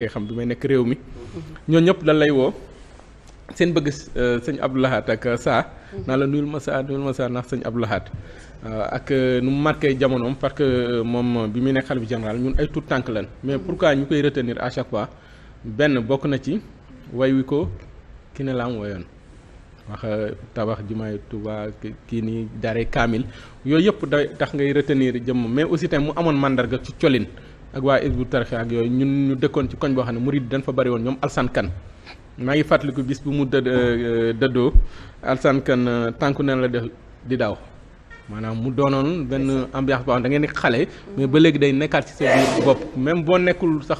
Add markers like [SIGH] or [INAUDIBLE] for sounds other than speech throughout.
ngay xam bi may nekk réew mi ñoo ñëpp lan lay woo seen bëgg euh, sëñ Abdou Lahad ak euh, saa na la nuyul ma saa nuyul ma saa ndax sañ Abdou Lahad euh, ak nu mu marqué jamonoom parce que moom bi muy nekk bu général ñun ay tout tànk lan mais pourquoi ñu koy retenir à chaque fois benn bokk na ci way wi ko ki ne laam woyoon wax tabax jumaay Tuubaa kii nii dare kaamil yooyu yëpp day tax ngay retenir jëmm mais aussi tamit mu amoon mandarga ci colin ak waa Hizbu Tarxe ak yooyu ñun ñu dëkkoon ci koñ boo xam ne murid dañ fa bari woon ñoom Alsan Kan maa ngi fàttaliku bis bu mu dëdd euh, euh, dëddoo Alsan Kan euh, tànku neen la def di daaw maanaam mu doonoon benn ambiance boo da ngeen di xale mais ba léegi day nekkaat ci même boo nekkul sax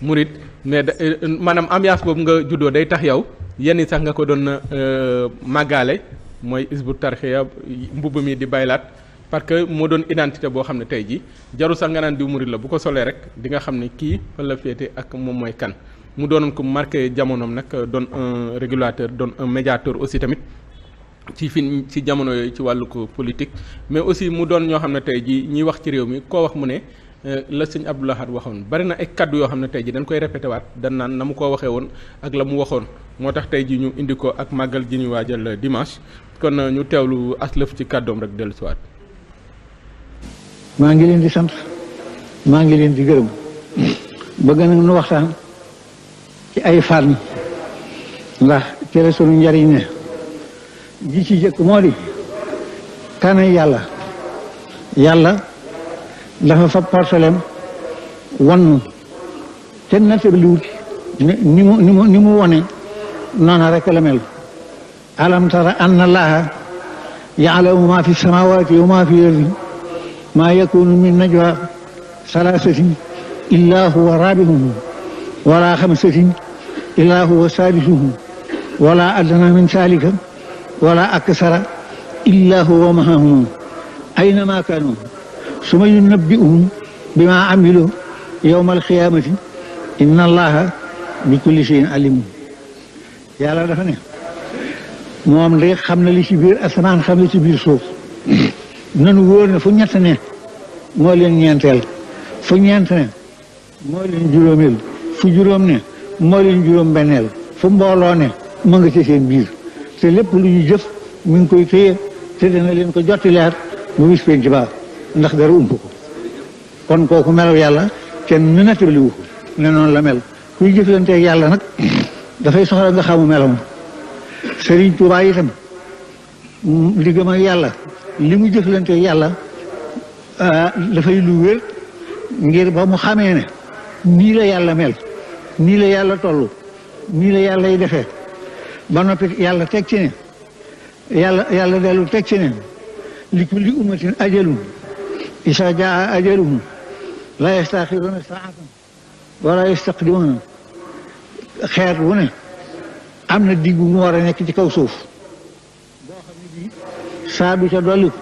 murid mais da maanaam ambiance boobu nga juddoo day tax yow yenn sax nga ko doon màggaale mooy Hizbu Tarxiya mbubb mi di baylaat parce que moo doon identité boo xam ne tey jii jarul sax nga naan diw murid la bu ko solee rek di nga xam ne kii fa la féete ak moom mooy kan mu doon ko marqué jamonoom nag doon un régulateur doon un médiateur aussi tamit ci fi ci jamono yooyu ci wàllu ko politique mais aussi mu doon ñoo xam ne tey jii ñiy wax ci réew mi koo wax mu ne euh, la sëñ Abdou Lahad waxoon bari na ay kaddu yoo xam ne tey jii dañ koy répété waat dañ naan na mu ko waxee woon ak la mu waxoon moo tax tey jii ñu indi ko ak màggal ji ñu waajal dimanche kon euh, ñu teewlu aslëf ci kàddoom rek dellusiwaat maa ngi leen di sant maa ngi leen di gërëm bëgg nag nu waxtaan ci ay fànn ndax ci la sunu njariñ ne ji ci jëkk moo di kan yàlla yàlla dafa fa portolem na te nattabliwut ni mu ni mu ni mu wone noona rek la mel alam tara anna allaha yaalamu ma fi samawati wa ma fi ardi ما يكون من نجوى ثلاثة إلا هو رابعهم ولا خمسة إلا هو سادسهم ولا أدنى من ذلك ولا أكثر إلا هو معهم أينما كانوا ثم ينبئهم بما عملوا يوم القيامة إن الله بكل شيء عليم yàlla dafa ne moom de xam na li ci biir asamaan xam na ci biir suuf nanu wóor ne fu ñett ne moo leen ñeenteel fu ñeent ne moo leen juróomeel fu juróom ne moo leen juróom benneel fu mbooloo ne mu nga ci seen biir te lépp lu ñu jëf mu ngi koy téye te dana leen ko jotti leer mu wis penc ba ndax dara ump ko kon kooku melaw yàlla kenn ñu nettali wu ne noonu la mel kuy jëflanteeg yàlla nag [CLEARS THROAT] dafay soxla nga xamu melam Sëriñ Tuubaa itam diggam mm, ak yàlla li mu jëflante yàlla ah, dafay lu wér ngir ba mu xamee ne nii la yàlla mel nii la yàlla toll nii la yàlla yi defee ba noppi yàlla teg ci ne yàlla yàlla dellu teg ci ne li kulli ummatin ajalun isa jaa ajaluhum la yastaxiruuna saatan wala yastaqdimuuna xeet wu ne am na diggu mu war a nekk ci kaw suuf saa du ca dolliku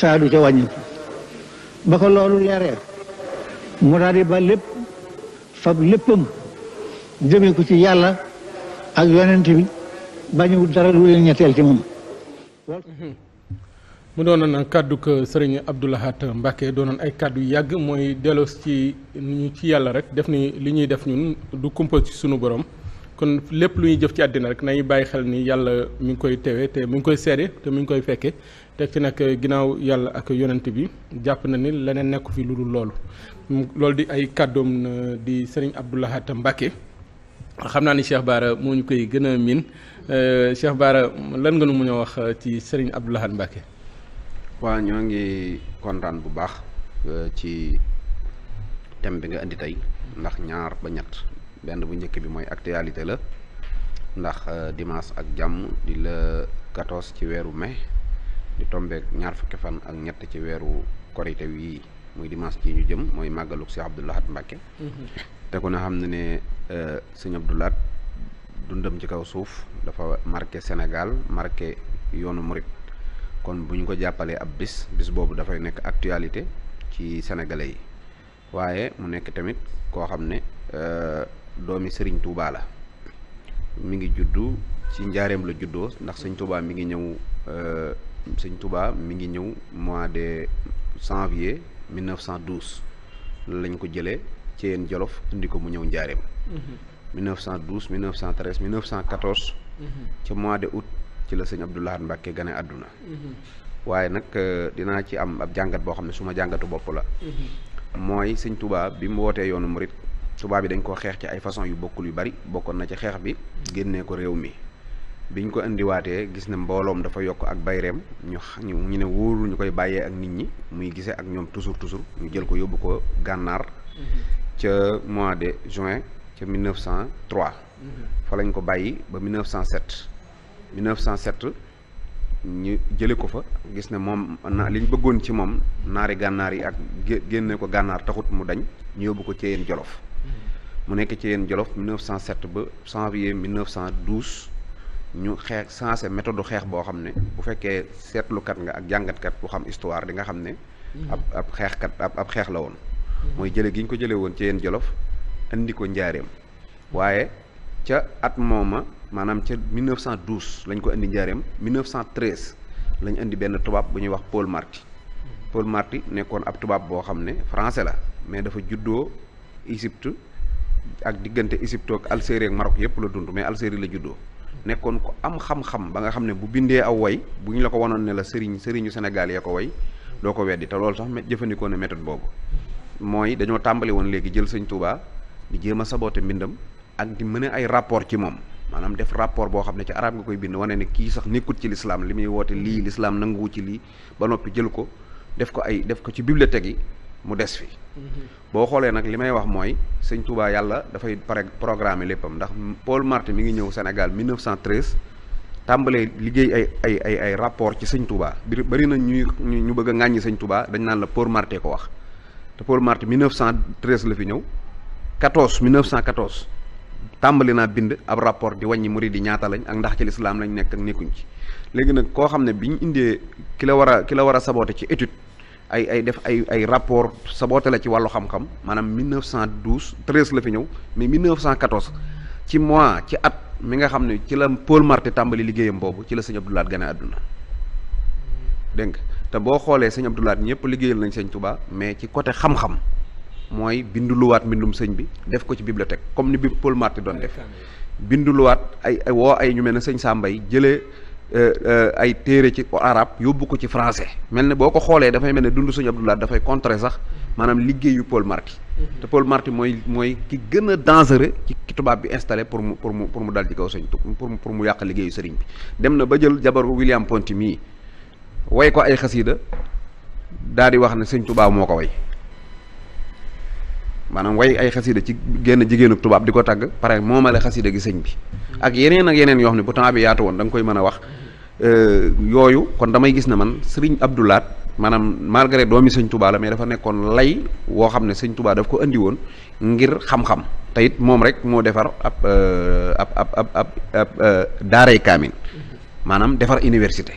saa du ca wàññiku ba ko loolu leeree mu daal di ba lépp fab léppam jëmee ko ci yàlla ak yonent bi bañu dara lu ñetteel ci moom mu doonoon kàddu ko sëriñ Abdou Lahat Mbacke doonoon ay kàddu yàgg mooy delloos ci ñu ci yàlla rek def ni li ñuy def ñun du kumpa ci sunu borom kon lépp lu ñuy jëf ci àddina rek nañu bàyyi xel ni yàlla mi ngi koy teewee te mu ngi koy seede te mu ngi koy fekkee teg ci nag ginnaaw yàlla ak yonant bi jàpp na ni leneen nekku fi lu dul loolu mm, loolu di ay kàddoom euh, di sëriñ Abdou Lahad Mbacké xam naa ni Cheikh Bara moo ñu koy gën a miin euh, Cheikh Bara lan nga nu mun a wax euh, ci sëriñ Abdou Lahad Mbacké waaw ñoo ngi kontaan bu baax ci thème bi nga indi tey ndax ñaar ba ñett benn bu njëkk bi mooy actualité la ndax euh, dimanche ak jàmm di la 14 ci weeru mai di tombeek ñaar fukki fan ak ñett ci weeru korite wii muy dimanche ci ñu jëm mooy màggaluk si Abdou Lahad Mbacké mm-hmm. te ku ne xam ne ne euh, sëñ Abdou Lahad dundam ci kaw suuf dafa marqué Sénégal marqué yoonu murit kon bu ñu ko jàppalee ab bis bis boobu dafay nekk actualité ci sénégalais yi waaye mu nekk tamit koo xam ne euh, doomi Serigne Touba la mi ngi juddu ci njaareem la juddoo ndax sëñ Touba mi ngi ñëw euh, sëñ Touba mi ngi ñëw mois de janvier 1912 lañ ko jëlee ci yéen Jolof indi ko mu ñëw njaareem. 1912 1913 1914. ci mois de août ci la sëñ Abdou Lahad Mbacke gane àdduna. Mhm. waaye nag euh, dinaa ci am ab jàngat boo xam ne suma jàngatu bopp la. Mhm. mooy sëñ Touba bi mu wootee yoonu murit tubaab yi dañ koo xeex ci ay façon yu bokkul yu bari bokkoon na ci xeex bi génnee ko réew mi biñ ko indiwaatee gis na mbooloom dafa yokk ak bayreem ñu ñu ne wóoru ñu koy bàyyee ak nit ñi muy gisee ak ñoom toujours toujours ñu jël ko yóbbu ko gànnaar mm-hmm. ca mois de juin ca 1903 mm-hmm. fa lañ ko bàyyi ba 1907 1907 ñu jële ko fa gis ne moom na li ñu bëggoon ci moom naari gànnaar yi ak génne ko gànnaar taxut mu dañ ñu yóbbu ko Ceyeen Jolof mu nekk ci yenn Jolof 1907 ba janvier 1912 ñu xeex sensé méthode xeex boo xam ne bu fekkee seetlukat nga ak jàngatkat bu xam histoire di nga xam ne. Hmm. ab ab xeexkat ab ab xeex la woon. Hmm. mooy jële gi ñu ko jëlee woon ci yéen Jolof indi ko njaareem waaye ca at mooma maanaam ca 1912 lañ ko indi njaareem 1913 lañ indi benn tubaab bu ñuy wax Paul Marty. Hmm. Paul Marty nekkoon ab tubaab boo xam ne français la mais dafa juddoo Égypte. ak diggante Égypte ak Algérie ak Maroc yëpp la dund mais Algérie la juddoo nekkoon ko am xam-xam ba nga xam ne bu bindee aw woy bu ñu la ko wanoon ne la sëriñ sëriñu senegal ya ko woy doo ko weddi te loolu sax jëfandikoo ne méthode boobu mooy dañoo tàmbali woon léegi jël sëñ Touba di jéem a saboté mbindam ak di mën ay rapport ci moom maanaam def rapport boo xam ne ci arab nga koy bind wane ne kii sax nekkut ci lislaam li muy woote lii lislaam nanguwu ci lii ba noppi jël ko def ko ay def ko ci bibliothèque yi mu des fi. boo xoolee nag li may wax mooy sëñ Touba yàlla dafay pare programme léppam ndax Paul Marty mi ngi ñëw Sénégal 1913 tàmbalee liggéey ay ay ay ay rapport ci sëñ Touba bi bëri na ñuy ñu bëgg a ŋàññi sëñ Touba dañ naan la Paul Marty ko wax te Paul Marty 1913 la fi ñëw 14 1914 tàmbali naa bind ab rapport di wàññi murid yi ñaata lañ ak ndax ci lislaam lañ nekk ak nekkuñu ci léegi nag koo xam ne bi ñu indee ki la war a ki la war a saboote ci étude. ay ay def ay ay rapport saboote la ci wàllu xam-xam maanaam 1912 13 la fi ñëw mais 1914 ci mois ci at mi nga xam ne ci la Paul Marty tàmbali liggéeyam boobu ci la sëñ Abdou Lahad gane àdduna dégg nga te boo xoolee sëñ Abdou Lahad ñëpp liggéeyal nañ sëñ Touba mais ci côté xam-xam mooy binduluwaat mbindum sëñ bi def ko ci bibliothèque comme ni bi Paul Marty doon def binduluwaat ay woo ay ñu mel ne sëñ saa mbay jëlee. Euh, euh, ay téere ci arab yóbbu ko ci français mel ne boo ko xoolee dafay mel ne dund suñu Abdoulaye dafay contrer sax maanaam liggéeyu Paul Marty mhm. te Paul Marty mooy mooy ki gën a dangereux tubaab bi installé pour mu pour mu pour mu dal ci kaw sëñ pour pour mu yàq liggéeyu sëriñ bi dem na ba jël jabaru William Ponty mii way ko ay xasiida daal di wax ne sëñ tubaab moo ko way maanaam way ay xasida ci génn jigéenu tubaab di ko tàgg pare moomale xasida gi sëñ bi mhm. ak yeneen ak yeneen yoo xam ne bu temps bi yaatu woon da nga koy mën a wax Euh, yooyu kon damay gis ne man Serigne abdulaat maanaam malgré doomi sëñ Touba la mais dafa nekkoon lay woo xam ne sëñ tubaa daf ko indi woon ngir xam-xam te it moom rek moo defar ab euh, ab ab ab ab euh, daaray kaamil maanaam defar université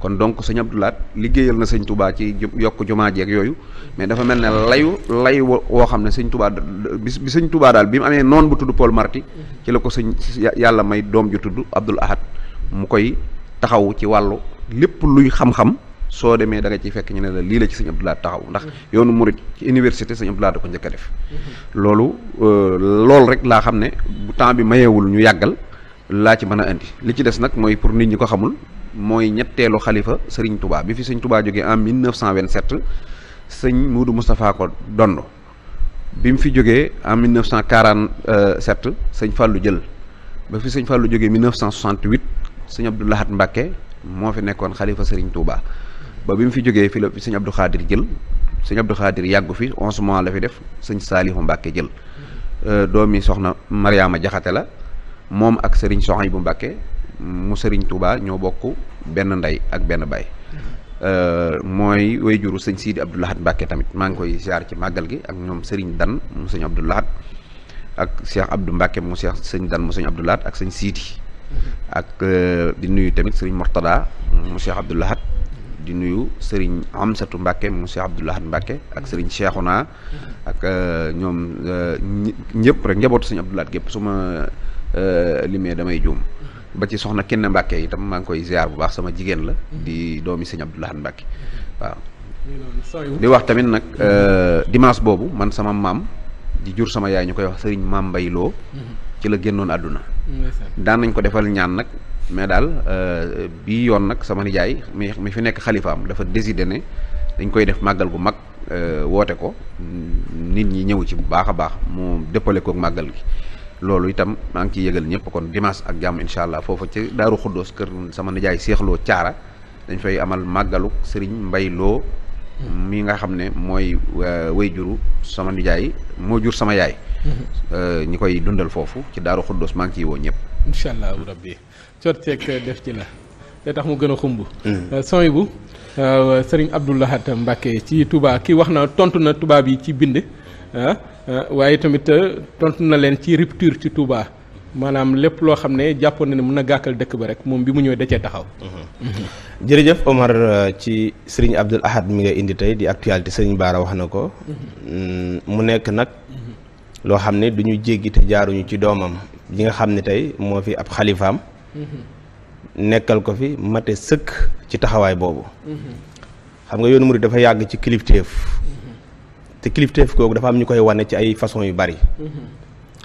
kon donc sëñ Abdou liggéeyal na sëñ tubaa ci yokk jumaa ji yooyu mais dafa mel ne layu lay woo xam ne sëñ Touba bi bi sëñ Touba daal bi mu amee noon bu tudd Paul Marty ci la ko sëñ yàlla may doom ju tudd Abdoul Ahad mu koy taxaw ci wàllu lépp luy xam-xam soo demee da nga ciy fekk ñu ne la lii la ci sëñ Abdou Lahad taxaw ndax mm-hmm. yoonu murit ci université sëñ Abdou Lahad ko njëkk def mm-hmm. loolu euh, loolu rek laa xam ne bu temps bi mayeewul ñu yàggal laa ci mën a indi li ci des nag mooy pour nit ñi ko xamul mooy ñetteelu xalifa sëriñ Touba bi fi sëñ tubaa jógee en 1927 sëñ Moudou Moustapha ko donn bi mu fi jógee en 1947 sëñ Fallou jël ba fi sëñ Fallou jógee 1968 sëñ Abdou Lahad moo fi nekkoon xalifa sëriñ Touba ba bi mu fi jógee fi la sëñ Abdou Khadir jël sëñ Abdou yàggu fi onze mois la fi def sëñ Saalihu Mbacke jël euh, doomi soxna Mariama Jaxate la moom ak sëriñ bu Mbacke mu sëriñ Touba ñoo bokk benn ndey ak benn baay euh, mooy way juru sëñ Sidi Abdou Lahad Mbacke tamit maa ngi koy ziar ci màggal gi ak ñoom sëriñ Dan mu sëñ Abdou Lahad ak Cheikh Abdou Mbacke mu Cheikh sëñ Dan mu sëñ Abdou Lahad ak sëñ Sidi ak euh, di nuyu tamit sëriñ Mortada mu Cheikh Abdou di nuyu sëriñ Amsatu Mbàkke mu Cheikh Abdou Lahad Mbàkke ak sëriñ naa ak euh, ñoom euh, ñëpp rek njabootu sëñ Abdou Lahad gépp su ma limee damay juum ba ci soxna kenn Mbàkke tam maa ngi koy ziar bu baax sama jigéen la di doomi sëñ Abdou Lahad Mbàkke waaw di wax tamit nag dimanche boobu man sama maam di jur sama yaay ñu koy wax sëriñ Maam Mbayloo ci la génnoon àdduna daan nañ ko defal ñaan nag mais daal euh, bii yoon nag sama nijaay mi mi fi nekk xalifaam dafa décidé ne dañ koy def màggal gu mag euh, woote ko nit ñi ñëw ci bu baax a baax mu dëppale kook màggal gi loolu itam maa ngi ciy yëgal ñëpp kon dimanche ak jàmm incha allah foofu ci daaru xuddoos kër sama nijaay seexloo caara dañ fay amal màggalu sëriñ mbay loo mi nga xam ne mooy euh, way juru sama nijaay moo jur sama yaay. Euh, ñi koy dundal foofu ci daaru xuddos maa ngi ciy woo ñëpp. incha allah rabbi coot ceeg euh, def ci la te tax mu gën a xumb. Mm. sooy bu sëriñ Abdou Lahad ci tubaa ki wax na tontu na tubaab yi ci bind ah, ah, waaye tamit tontu na leen ci rupture ci Touba. maanaam lépp loo xam ne jàppoon na ne mun na gàkkal dëkk ba rek moom bi mu ñëw da cee taxaw. Mhm. jërëjëf Omar euh, ci sëriñ Abdul Ahad mi nga indi tey di actualité sëriñ Baara wax na ko. Mhm. Mm, mu nekk nag. Mhm. loo xam ne du ñu jéggi jaaruñu ci doomam ji nga xam ne tey moo fi ab xalifaam. nekkal ko fi mate sëkk ci taxawaay boobu. xam nga yoonu murid dafa yàgg ci kilifteef. te kilifteef kooku dafa am ñu koy wane ci ay façon yu bari.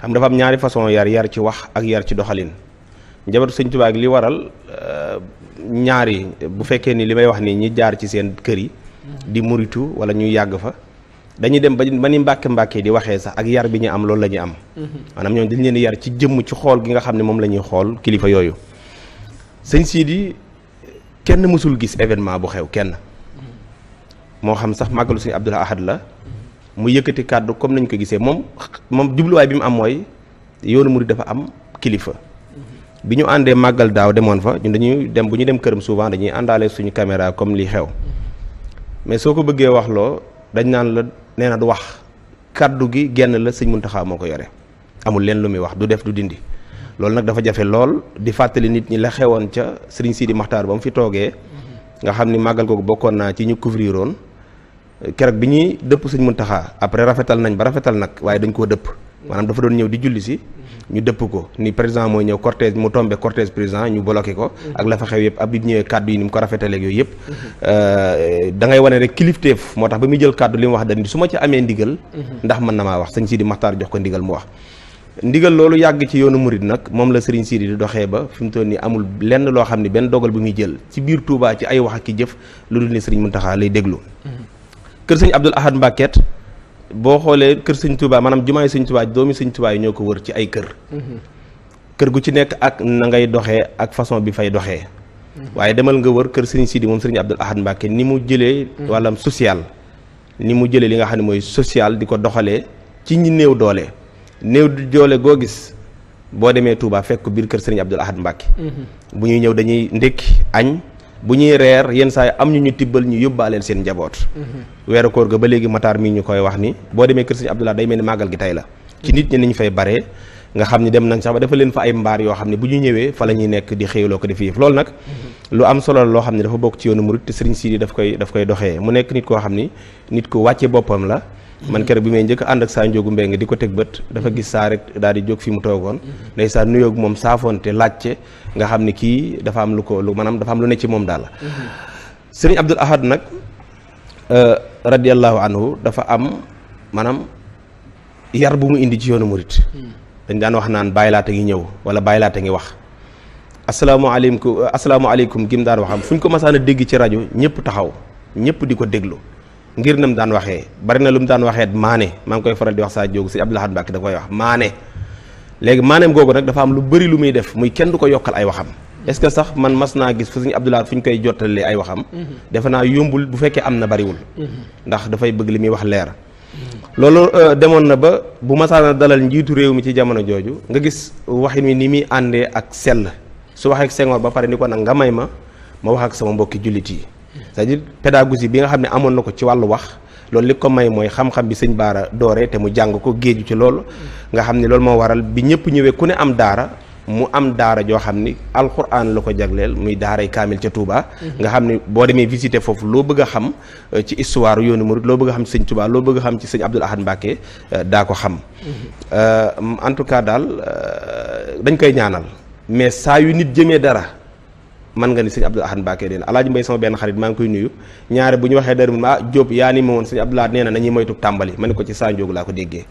xam fa am ñaari façon yar yar ci wax ak yar ci doxalin njabootu sëñ Tuubaa ak li waral euh, ñaar yi bu fekkee ni li may wax nii ñi jaar ci seen kër yi di muritu wala ñu yàgg fa dañuy dem ba ba ni mbàkke mbàkke di waxee sax ak yar bi ñu am loolu la ñuy am mm-hmm. maanaam ñoom dañ leen yar ci jëmm ci xool gi nga xam ne moom la ñuy xool kilifa yooyu sëñ Sidi kenn mësul gis événement bu xew kenn mm-hmm. moo xam sax màggalu sëñ Abdul Ahad la mu yëkkati kàddu comme nañ ko gisee moom moom jubluwaay bi mu am mooy yoonu murid dafa am kilifa. bi ñu àndee màggal daaw demoon fa ñun dañuy dem bu ñu dem këram souvent dañuy àndaale suñu caméra comme lii xew mais soo ko bëggee wax loo dañ naan la nee na du wax kàddu gi genn la sëñ Muntaxa moo ko yore amul leen lu muy wax du def du dindi loolu nag dafa jafe lool di fàttali nit ñi la xewoon ca sëriñ di Maxtaar ba mu fi toogee nga xam ni màggal googu bokkoon naa ci ñu couvriroon keroog bi ñuy dëpp sëñ Muntaxa après rafetal nañ ba rafetal nag waaye dañ koo dëpp maanaam dafa doon ñëw di julli si ñu dëpp ko ni président mooy ñëw cortège mu tombé cortège président ñu bloqué ko ak la fa xew yëpp ab bi ñëwee kàddu yi ni mu ko rafetaleeg yooyu yëpp euh, da ngay wane rek kilifteef moo tax ba muy jël kaddu li mu wax dañ su ma ci amee ndigal ndax mën na maa wax sëñ Sidi Maxtaar jox ko ndigal mu wax ndigal loolu yàgg ci yoonu murid nag moom la Serigne Sidi doxee ba fi mu toll nii amul lenn loo xam ne benn dogal bu muy jël ci biir Touba ci ay wax ak ki jëf lu dul ne Serigne Muntaxa lay déglu kër sëñ Abdul Ahad Mbàkket boo xoolee kër sëñ Touba maanaam jumaay sëñ Touba doomi sëñ Touba yi ñoo ko wër ci ay kër mm-hmm. kër gu ci nekk ak na ngay doxee ak façon bi fay doxe mm-hmm. waaye demal nga wër kër sëñ Sidi moom sëriñ Abdul Ahad Mbàkke ni mu jëlee mm-hmm. wàllam social ni mu jëlee li nga xam ne mooy social di ko doxalee ci ñi néew doole néew doole goo gis boo demee Touba fekk biir kër sëriñ Abdul Ahad Mbàkke bu ñuy ñëw dañuy ndékki añ bu ñuy reer yenn saa yi am ñu ñu tibbal ñu yóbbaaleel seen njaboot mm-hmm. weeru koor ga ba léegi mataar mi ñu koy wax ni boo demee kër sëñ Abdoulaye day mel ni màggal gi tey la ci nit ñi nañ fay bare nga xam ni dem nañ sax ba dafa leen fa ay mbaar yoo xam ne bu ñu ñëwee fa la ñuy nekk di xéewloo ko di fiif loolu nag mm-hmm. lu am solo loo xam ne dafa bokk ci yoonu murit te sëriñ Sidi daf koy daf koy doxee mu nekk nit koo xam ni nit ku wàcce boppam la mm-hmm. man keroog bi may njëkk ànd ak saa njógu mbéy nga di ko teg bët dafa gis saa rek daal di jóg fi mu toogoon ndeysaan nuyoog moom saafonte laajte nga xam ni kii dafa am lu ko lu maanaam dafa am lu ne ci moom daal sëriñ Abdul Ahad nag euh, radiallahu anhu dafa am maanaam yar bu mu indi ci yoonu murit dañ daan wax naan bàyyi laata ngi ñëw wala bàyyi laata ngi wax asalaamaaleykum asalaamaaleykum gim daan waxam fu ñu ko masaan a dégg ci rajo ñëpp taxaw ñëpp di ko déglu ngir nam daan waxee bari na lu mu daan waxee maane maa ngi koy faral di wax saa jógu si Abdul Ahad Mbàkke da koy wax maane léegi maaneem googu nag dafa am lu bëri lu muy def muy kenn du ko yokkal ay waxam est-ce que sax man mas naa gis fu suñu Abdoulaye fu ñu koy jottalee ay waxam defe naa yombul bu fekkee am na bariwul ndax dafay bëgg li muy wax leer loolu euh, demoon na ba bu masaana dalal njiitu réew mi ci jamono jooju nga gis waxin wi ni muy àndee ak sell su waxee ak Senghor ba pare ni ko nag nga may ma ma wax ak sama mbokki jullit yi c'est-à-dire pédagogie bi nga xam ne amoon na ko ci wàllu wax loolu li ko may mooy xam-xam bi sëñ baara doore te mu jàng ko géeju ci loolu nga xam ne loolu moo waral bi ñëpp ñëwee ku ne am daara mu am daara joo xam ni alxuraan la ko jagleel muy daaray kaamil ca Touba. Mm-hmm. nga xam ni boo demee visiter foofu loo bëgg a xam euh, ci histoire yoonu murid loo bëgg xam ci sëñ Touba loo bëgg xam ci sëñ Abdoul Ahad Mbacke euh, daa ko xam. Mm-hmm. Euh, en tout cas daal dañ koy ñaanal mais saa yu nit jëmee dara. man nga ni sëñ Abdou Ahad Mbacke deen alaaji ah, ma woon moytu tàmbali ma ne ko ci saa njóogu laa ko déggee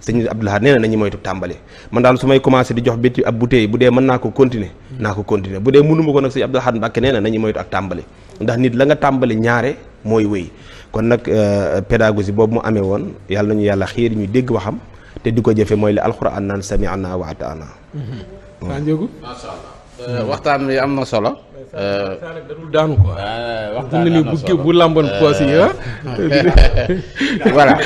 sëñ Abdou Ahad nee na nañuy moytu tàmbali man daal su may commencé di jox biti ab bouteille bu dee mën naa ko continuer naa ko continuer bu dee mënuma ko nag sëñ Abdou Ahad Mbacke nee na nañuy moytu ak tàmbali ndax nit la nga tàmbali ñaare mooy wéy kon nag euh, pédagogie boobu mu amee woon yàlla nañu yàlla xiir ñu dégg waxam te di ko jëfe mooy li alxuraan naan sami'na wa ata'na. maa mm-hmm. njóogu. macha euh, waxtaan bi am na solo. Euh, daanu ko ah, waxtaan bu kii bu làmboon euh, poos yi ah. [LAUGHS] voilà.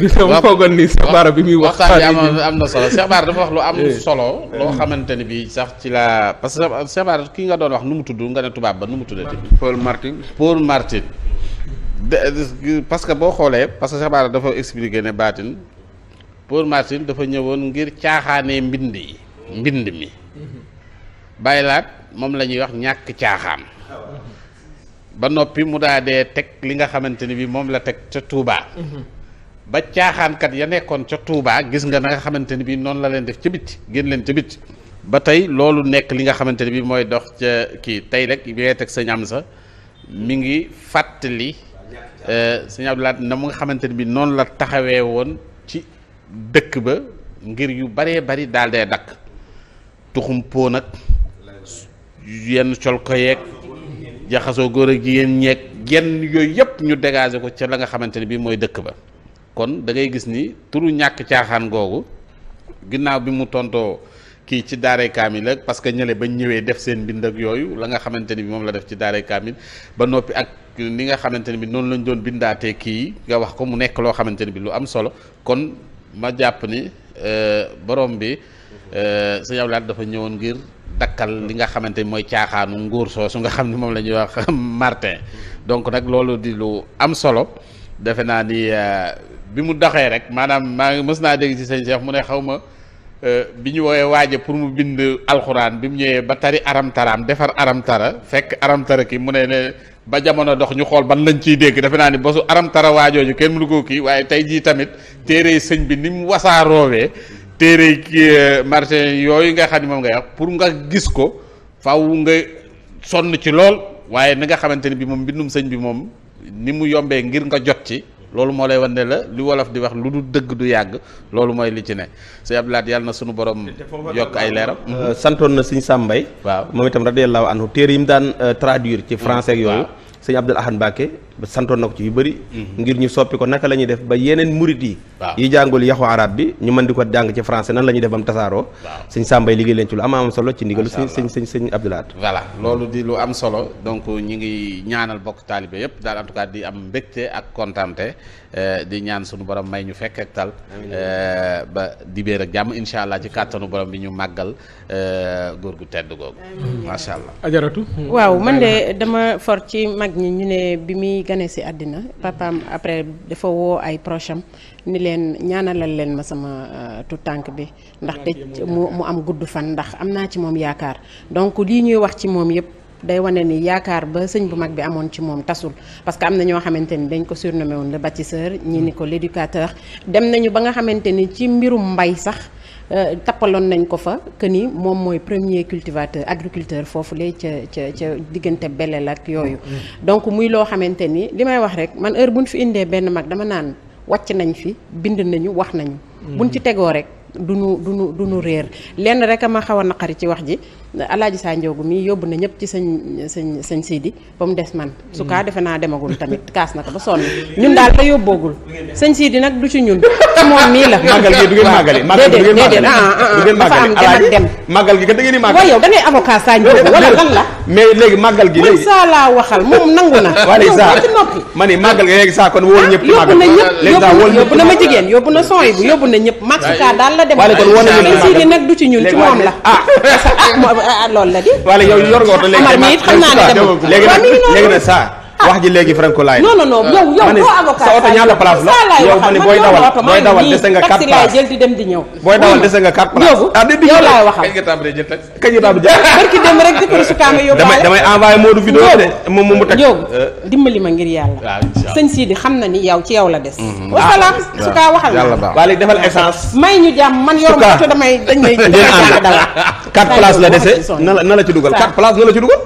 [LAUGHS] bi muy wax. waxtaan am na solo Cheikh dafa wax lu am eh. solo. loo eh. xamante ni bii sax ci la parce que Cheikh Bara kii nga doon wax nu mu tudd nga ne tubaab ba nu mu tuddati. Paul Martin Paul Martin. parce que boo xoolee parce que Cheikh Bara dafa expliqué ne baatin pour Martin dafa ñëwoon ngir caaxaanee mbind yi mbind mi mm-hmm. bàyyilaat. moom la ñuy wax ñàkk caaxaan ba noppi mu daa dee teg li nga xamante ni bi moom la teg ca tuubaa ba caaxaankat ya nekkoon ca tuubaa gis nga na nga xamante ni bi noonu la leen def ca bitti génn leen ca ba tey loolu nekk li nga xamante ne bi mooy dox ca kii tey rek bee teg sëñ sa mi ngi fàttali euh, sëñ Abdou Lahad na mu nga xamante ni bi noonu la taxawee woon ci dëkk ba ngir yu baree bari daal dee dakk tuxum poo nag yenn col ko jaxasoo góor ak jigéen ñeeg genn yooyu yëpp ñu dégager ko ca la nga xamante ne bii mooy dëkk ba kon da ngay gis ni turu ñàkk caaxaan googu ginnaaw bi mu tontoo kii ci daaray kaamil ak parce que ñële bañ ñëwee def seen bind ak yooyu la nga xamante ni bi moom la def ci daaray kaamil ba noppi ak ni nga xamante ne bi noonu lañ doon bindaatee kii nga wax ko mu nekk loo xamante ne bi lu am solo kon ma jàpp ni euh, borom bi euh, sëñ Ablaye dafa ñëwoon ngir. dakkal li nga xamante ni mooy caaxaanu nguur soosu nga xam ne moom la ñuy wax [LAUGHS] Martin donc nag loolu di lu am solo defe naa ni euh, bi mu doxee rek maanaam maa ngi mës naa dégg si sëñ Cheikh mu ne xaw ma euh, bi ñu woowee waaje pour mu bind alxuraan bi mu ñëwee ba tari aramtaraam defar aramtara fekk aramtara ki mu ne ne ba jamono dox ñu xool ban lañ ciy dégg defe naa ni bosu aramtara waajooju kenn mënu ko kii waaye tey jii tamit téere sëñ bi ni mu wasaaroowee téere ki euh, Martin yooyu nga xam ne moom nga wax pour nga gis ko faw nga sonn ci lool waaye ni nga xamante ni bi moom mbindum sëñ bi moom ni mu yombee ngir nga jot ci loolu moo lay wan la li wolof di wax lu du dëgg du yàgg loolu mooy li ci ne sëñ Abdou Lahad yàlla na sunu borom yokk ay leeram euh, santoon na sëñ Sàmbay waaw moom itam radiyallahu anhu téere yi mu daan euh, traduire ci français yooyu sëñ Abdou Lahad Mbacké santoon na ko ci yu bëri mhm. ngir ñu soppi ko naka la def ba yeneen murit yi yi jàngul yaxu arab bi ñu mën di ko jàng ci français nan la def ba mu tasaaroo sëñ sàmbay liggéey leen ci lu am am solo ci ndigalu sëñ sëñ voilà loolu di lu am solo donc ñu ngi ñaanal bokk taalibe yëpp daal en tout cas di am mbégte ak kontante eh, di ñaan suñu borom may ñu fekk ak tal eh, ba dibéer ak jàmm incha allah ci kàttanu borom bi ñu màggal eh, góor gu tedd googu macha gane si àddina papaam après dafa woo ay proche ni leen ñaanalal leen ma sama euh, tu tànk bi ndaxte mu mu am gudd fan ndax am naa ci moom yaakaar donc lii ñuy wax ci moom yëpp day wane ni yaakaar ba sëñ bu mag bi amoon ci moom tasul parce que am na ñoo xamante ni dañ ko surnommé woon le bâtisseur ñi ni ko l'éducateur dem nañu ba nga xamante ni ci mbirum mbay sax Euh, tappaloon nañ ko fa que ni moom mooy premier cultivateur agriculteur foofu lay ca ca ca diggante beleel ak yooyu. Mm-hmm. donc muy loo xamante ni li may wax rek man heure buñ fi indee benn mag dama naan wàcc nañ fii bind nañu wax nañu. Mm-hmm. buñ ci tegoo rek. duñu duñu duñu réer lenn rek a ma xaw a naqari ci wax ji alaaji saa njoogu mi yóbbu na ñëpp ci sañ sëñ sëñ Sidi ba mu des man su kaa mm. defe naa demagul tamit [LAUGHS] kaas na ko ba sonn ñun daal te yóbboogul sëñ Sidi nag du ci ñun ci moom mii la màggal gi du ngeen màggale màggal gi du da ngeen di yow da ngay avocat saa njoogu wala la màggal gi léegi saa laa waxal na wala saa ma ni màggal gi léegi saa kon wóolu ñëpp ah, yóbbu na ñëpp yóbbu na ma jigéen yóbbu na son yi yóbbu na ñëpp max kaa daal a dem wala kon woon nañu nag du ci ñun ci moom la ah. [LAUGHS] ah loolu la di wala yow yor nga oto léegi léegi nag saa wax ji léegi franco laay non non non yow yow doo avocat sa oto ñaata place la ma ne booy dawal booy dawal dese di dem di ñëw booy dawal dese nga 4 ah, euh, na la des waxala su kaa waxal waa léegi defal essence may na la ci dugal 4 place na la ci dugal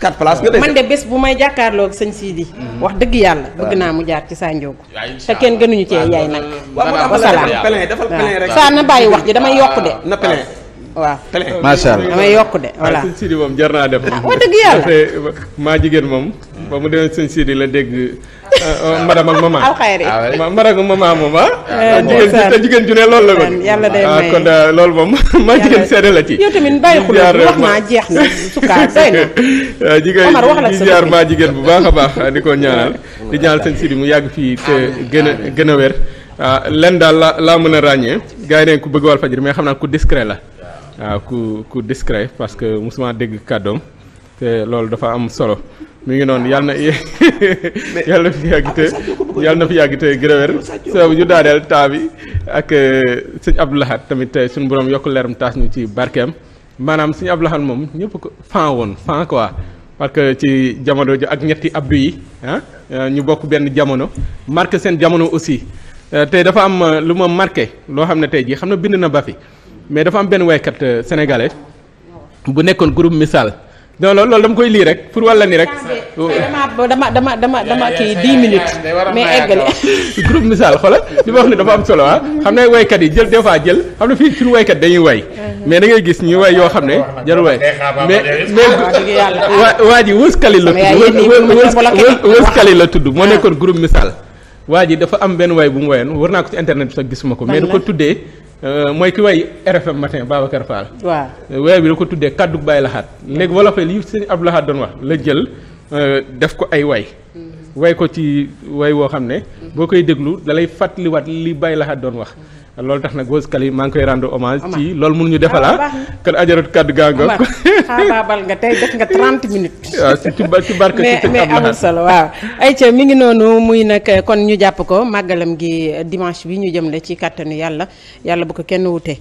quatre places nga dégg man de bés bu may jàkkaarloog sëñ Sidi. Mm-hmm. wax dëgg yàlla bëgg naa mu jaar ci saa Ndiogu. te kenn gënuñu cee yaay nag. wa salaam defal plein rek. saa na bàyyi wax ji damay yokk de. na plein waaw plein macha allah damay yokk de voilà. sëñ Sidi moom jar naa def. dëgg yàlla maa jigéen moom. ba mu demee sëñ Sidi la dégg euh, euh, madame ak maman. alxayri ah, madame ak ah? Ah, jigéen te ju ne loolu la ko. yàlla day euh, loolu moom [LAUGHS] maa jigéen seede la ci. yow tamit [LAUGHS] jigéen di jaar maa jigéen bu baax a baax di koo ñaanal. di ñaanal sëñ Sidi mu yàgg fii te gën a gën a wér. lenn daal la laa mën a ràññee gars yi ne ku bëgg Walfadjri mais xam naa ku discret la. waaw ku ku discret parce que musuma dégg kàddoom te loolu dafa am solo. mi ngi noonu yàlla na [LAUGHS] yàlla na fi yàgg te [LAUGHS] yàlla na fi yàgg te gërëwér sababu ñu daaneel taa bi ak euh, sëñ Abdou Lahad tamit euh, suñu borom yokk leeram taas ñu ci barkeem maanaam sëñ Abdou moom ñëpp ko fen woon fan quoi parce que ci jamono ji ak ñetti abdu yi ah ñu bokk benn jamono marqué seen jamono aussi te dafa am lu ma marqué loo xam ne tey jii xam na bind na ba fi mais dafa am benn waykat sénégalais bu nekkoon groupe Misaal. non non loolu dama koy lii rek pour walla ni rek. dama dama dama dama kii 10 minutes. mais eggali. [LAUGHS] groupe misaal xoolal li ma wax ne dafa am solo ah xam ne waykat yi jël des fois jël xam ne fii suñu waykat dañuy way uh-huh. mais da ngay gis ñu way yoo xam ne jarul way mais mais ah, waa ji wëskali la tudd wëskali la tudd moo ah. nekkoon group misaal waa ji dafa am benn way bu mu wayoon war naa ko ci internet bi sax gisuma ko mais da ko tuddee Euh, mooy ki way RFM matin Babacar Fall. waaw euh, waaye bi la ko tuddee kaddu Baye laxaat léegi wolof li sëñ ab Lahat doon wax la jël euh, def ko ay way mhm. way ko ci way woo xam ne. boo koy déglu da lay fàttaliwaat li Baye laxaat doon wax. loolu tax nag Rose Kaly maa ngi koy rendre hommage. ci loolu mënuñu defal ah. ah kon ajarut kàddu gaa nga. xaabaabal nga tey def nga 30 minutes. waaw [LAUGHS] ah, si ci ci barke ci sëñ mais amul solo waaw. ayca mi ngi noonu muy nag kon ñu jàpp ko màggalam gi dimanche bi ñu jëm la ci kàttanu yàlla yàlla bu ko kenn wutee